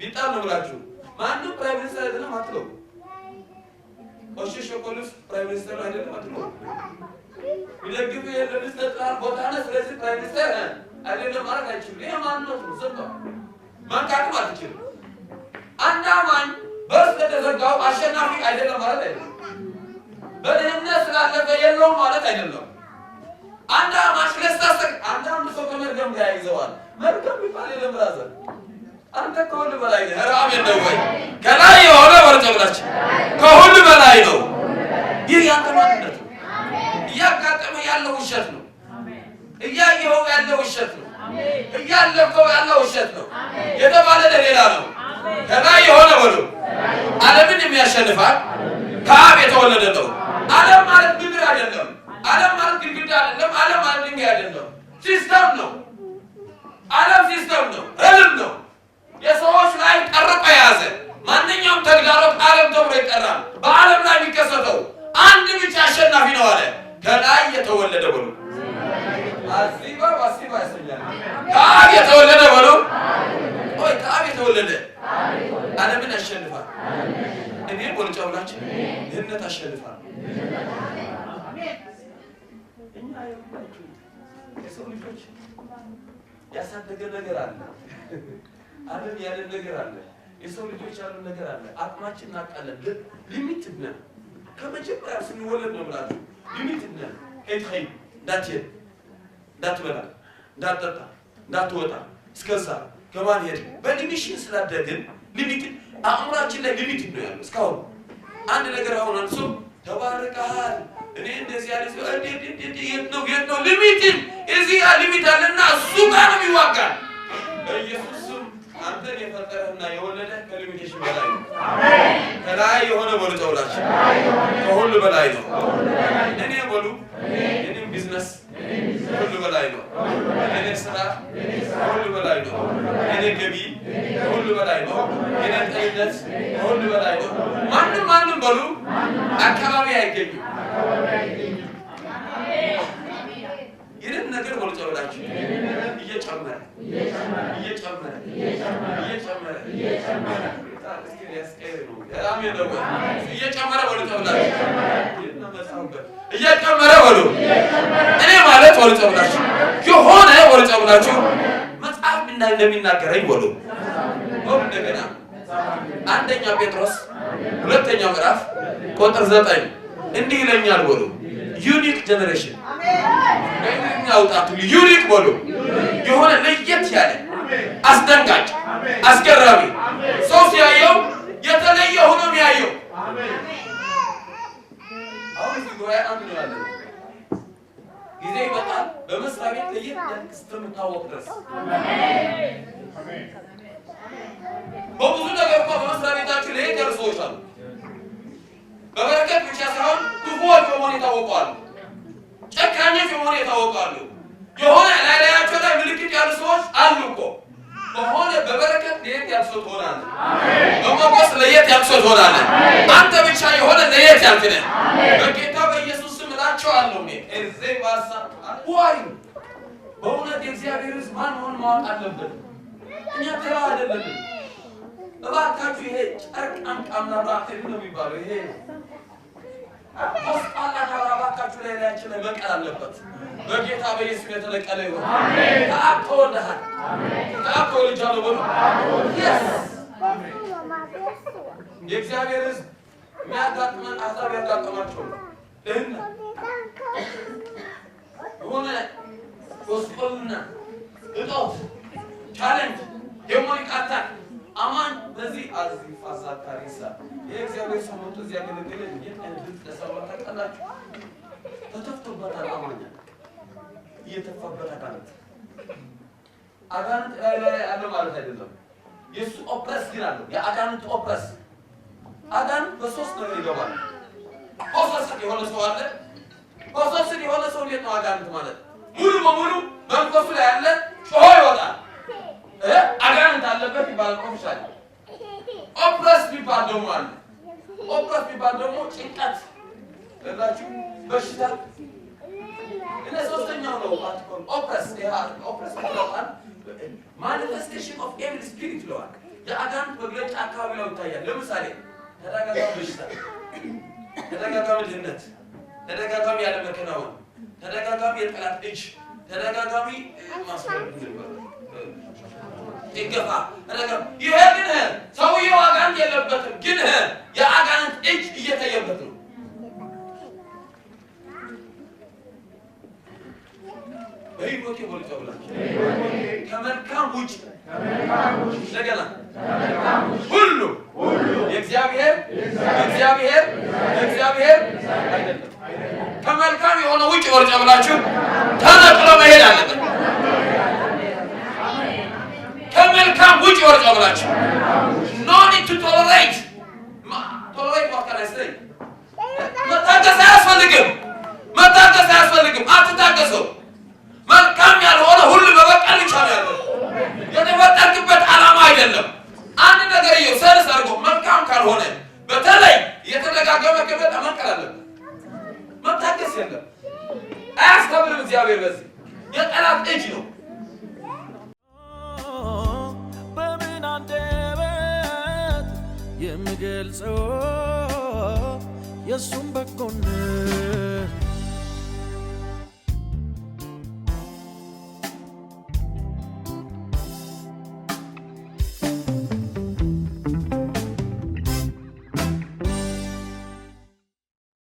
ቢጣ ነው ብላችሁ ማንም ፕራይም ሚኒስተር አይደለም አትለው። ቆሽሽ ኮሉስ ፕራይም ሚኒስተር አይደለም አትለው። ቢደግፉ የለም ተጥራር ቦታ ነው። ስለዚህ ፕራይም ሚኒስተር አይደለም ማለት አይችልም። ይሄ ማንነት ነው። ሰጥቶ ማንካት አትችልም። አንድ አማኝ በርስ ለተዘጋው አሸናፊ አይደለም ማለት አይደለም። በድህነት ስላለፈ የለውም ማለት አይደለም። አንድ አማሽ ለስታሰቅ አንድ አንድ ሰው ከመርገም ጋር ይዘዋል። መርገም ይባል የለም ብራዘር አንተ ከሁሉ በላይ ነህ። ራብ ነው ወይ? ከላይ የሆነ ወርጨብላች ከሁሉ በላይ ነው። ይህ ያንተ ማንነት ነው። እያጋጠመ ያለው ውሸት ነው። እያየኸው ያለው ውሸት ነው። እያለፈው ያለው ውሸት ነው። የተባለ ለሌላ ነው። ከላይ የሆነ በሉ ዓለምን የሚያሸንፋል ከአብ የተወለደ ነው። ዓለም ማለት ግድር አይደለም። ዓለም ማለት ግድግዳ አይደለም። ዓለም ማለት ድንጋይ አይደለም። ሲስተም ነው። ዓለም ሲስተም ነው። ህልም ነው። የሰዎች ላይ ቀርጦ የያዘ ማንኛውም ተግዳሮት ዓለም ተብሎ ይጠራል። በዓለም ላይ የሚከሰተው አንድ ብቻ አሸናፊ ነው አለ ከላይ የተወለደ በሉ ከአብ የተወለደ በሉ ወይ ከአብ የተወለደ ዓለምን ያሸንፋል። እኔ ቦልጫ ድህነት አሸንፋል። የሰው ልጆች ያሳደገ ነገር አለ አለም ያለን ነገር አለ። የሰው ልጆች ያሉን ነገር አለ። አቅማችን እናውቃለን። ሊሚትድ ነን። ከመጀመሪያ ስንወለድ ነው ብላችሁ ሊሚትድ ነን። ሄድ ኸይ እንዳትሄድ፣ እንዳትበላ፣ እንዳትጠጣ፣ እንዳትወጣ እስከዛ ከማን ሄድ በሊሚሽን ስላደግን ሊሚትድ አእምሯችን ላይ ሊሚትድ ነው ያለው። እስካሁን አንድ ነገር አሁን አንሶ ተባርቀሃል እኔ እንደዚህ ያለ ሰው እንዴት እንዴት የት ነው የት ነው ሊሚትድ እዚህ ያ ሊሚት አለና እሱ ጋር ነው ይዋጋል በኢየሱስ አንተን የፈጠረህና የወለደህ ከሊሚቴሽን በላይ ነው። ከላይ የሆነ በሉ ተውላችሁ ከሁሉ በላይ ነው። እኔ በሉ እኔም ቢዝነስ ከሁሉ በላይ ነው። እኔ ስራ ከሁሉ በላይ ነው። እኔ ገቢ ከሁሉ በላይ ነው። እኔ ጤንነት ከሁሉ በላይ ነው። ማንም ማንም በሉ አካባቢ አይገኙም ይህንን ነገር በሉ ተውላችሁ እየጨመረ እየጨመረ እየጨመረ እየጨመረ እየጨመረ በሉ እኔ ማለት በሉ ተብላችሁ የሆነ በሉ ተብላችሁ መጽሐፍ እንደሚናገረኝ በሉ እንደገና አንደኛ ጴጥሮስ ሁለተኛው ምዕራፍ ቁጥር ዘጠኝ እንዲህ ይለኛል በሉ ዩኒክ ጀነሬሽን ዩኒክ በሉ የሆነ ለየት ያለ አስደንጋጭ፣ አስገራሚ ሰው ሲያየው የተለየ ሆኖ የሚያየው አሁን ጉባኤ አንድ ነው ጊዜ ይመጣል በመስሪያ ቤት ለየት እስከምታወቅ ድረስ በብዙ ነገር እንኳ በመስሪያ ቤታችን ለየት ያሉ ሰዎች አሉ። በበረከት ብቻ ሳይሆን ክፉዎች በመሆን የታወቁ አሉ። ጨካኞች በመሆን የታወቁ አሉ። የሆነ ላላያቸው ላይ ምልክት ያሉ ሰዎች አሉ እኮ በሆነ በበረከት ለየት ያልክ ሰው ትሆናለህ። በሞገስ ለየት ያልክ ሰው ትሆናለህ። አንተ ብቻ የሆነ ለየት ያልክ ነህ። በጌታ በኢየሱስ ስም እላቸዋለሁ እዚህ ባሳ በእውነት የእግዚአብሔር ሕዝብ ማን መሆን ማወቅ አለብን። እኛ ተራ አይደለም። እባካችሁ ይሄ ጨርቅ አምጣ ምናምን ነው የሚባለው ይሄ መስቀልና ካራ ባካችሁ ላይ ላያችን ላይ መንቀል አለበት። በጌታ በኢየሱስ የተለቀለ ይሆን። ከአብ ተወልደሃል፣ ከአብ ተወልጃለሁ ብሎ የእግዚአብሔር ሕዝብ የሚያጋጥመን አሕዛብ ያጋጥማቸው ድህነት፣ የሆነ ጎስቆልና እጦት፣ ቻሌንጅ፣ ዴሞኒክ አታክ አማን አዚ ፋዛ አዛካሪሳ የእግዚአብሔር ሰው መጥቶ እዚህ ያገለገለ የቀን ድምፅ ታውቃላችሁ። ተተፍቶበታል። አማኛ እየተፋበት አጋንንት አጋንንት ላይ አለ ማለት አይደለም። የእሱ ኦፕረስ ግን አለው። የአጋንንት ኦፕረስ አጋንንት በሶስት ነው ይገባል። ኦፈስን የሆነ ሰው አለ። ኦፈስን የሆነ ሰው እንዴት ነው አጋንንት ማለት? ሙሉ በሙሉ መንፈሱ ላይ ያለ ጮሆ ይወጣል። አጋንንት አለበት ይባላል ኦፊሻል ኦፕረስ ቢባል ደግሞ አለ። ኦፕረስ ቢባል ደግሞ ጭንቀት ለላችሁ በሽታ እነ ሶስተኛው ነው። አትኮን ኦፕረስ ያር ኦፕረስ ይለዋል። ማኒፌስቴሽን ኦፍ ኤቪል ስፒሪት ይለዋል። የአጋንንት መግለጫ አካባቢ ይታያል። ለምሳሌ ተደጋጋሚ በሽታ፣ ተደጋጋሚ ድህነት፣ ተደጋጋሚ ያለመከናወን፣ ተደጋጋሚ የጠላት እጅ፣ ተደጋጋሚ ማስፈራራት ይገፋ ረገም። ይሄ ግን ሰውየው አጋንንት የለበትም፣ ግን የአጋንንት እጅ እየታየበት ነው። በሕይወቴ ሞልቶ ከመልካም ውጭ ለገና ውጭ ወርቀው ብላችሁ ኖ ኒድ ቱ ቶለሬት ቶለሬት ወርቀናስ መታገስ አያስፈልግም። መታገስ አያስፈልግም። አትታገሰው። መልካም ያልሆነ ሁሉ በበቀል ብቻ ነው ያለው። የተፈጠርክበት ዓላማ አይደለም። አንድ ነገር እየው ሰርስ አድርጎ መልካም ካልሆነ በተለይ የተደጋገመ ከመጣ መንቀል አለብን። መታገስ የለም። አያስተምርም እግዚአብሔር። በዚህ የጠላት እጅ ነው። ገልጾ የእሱም በጎነት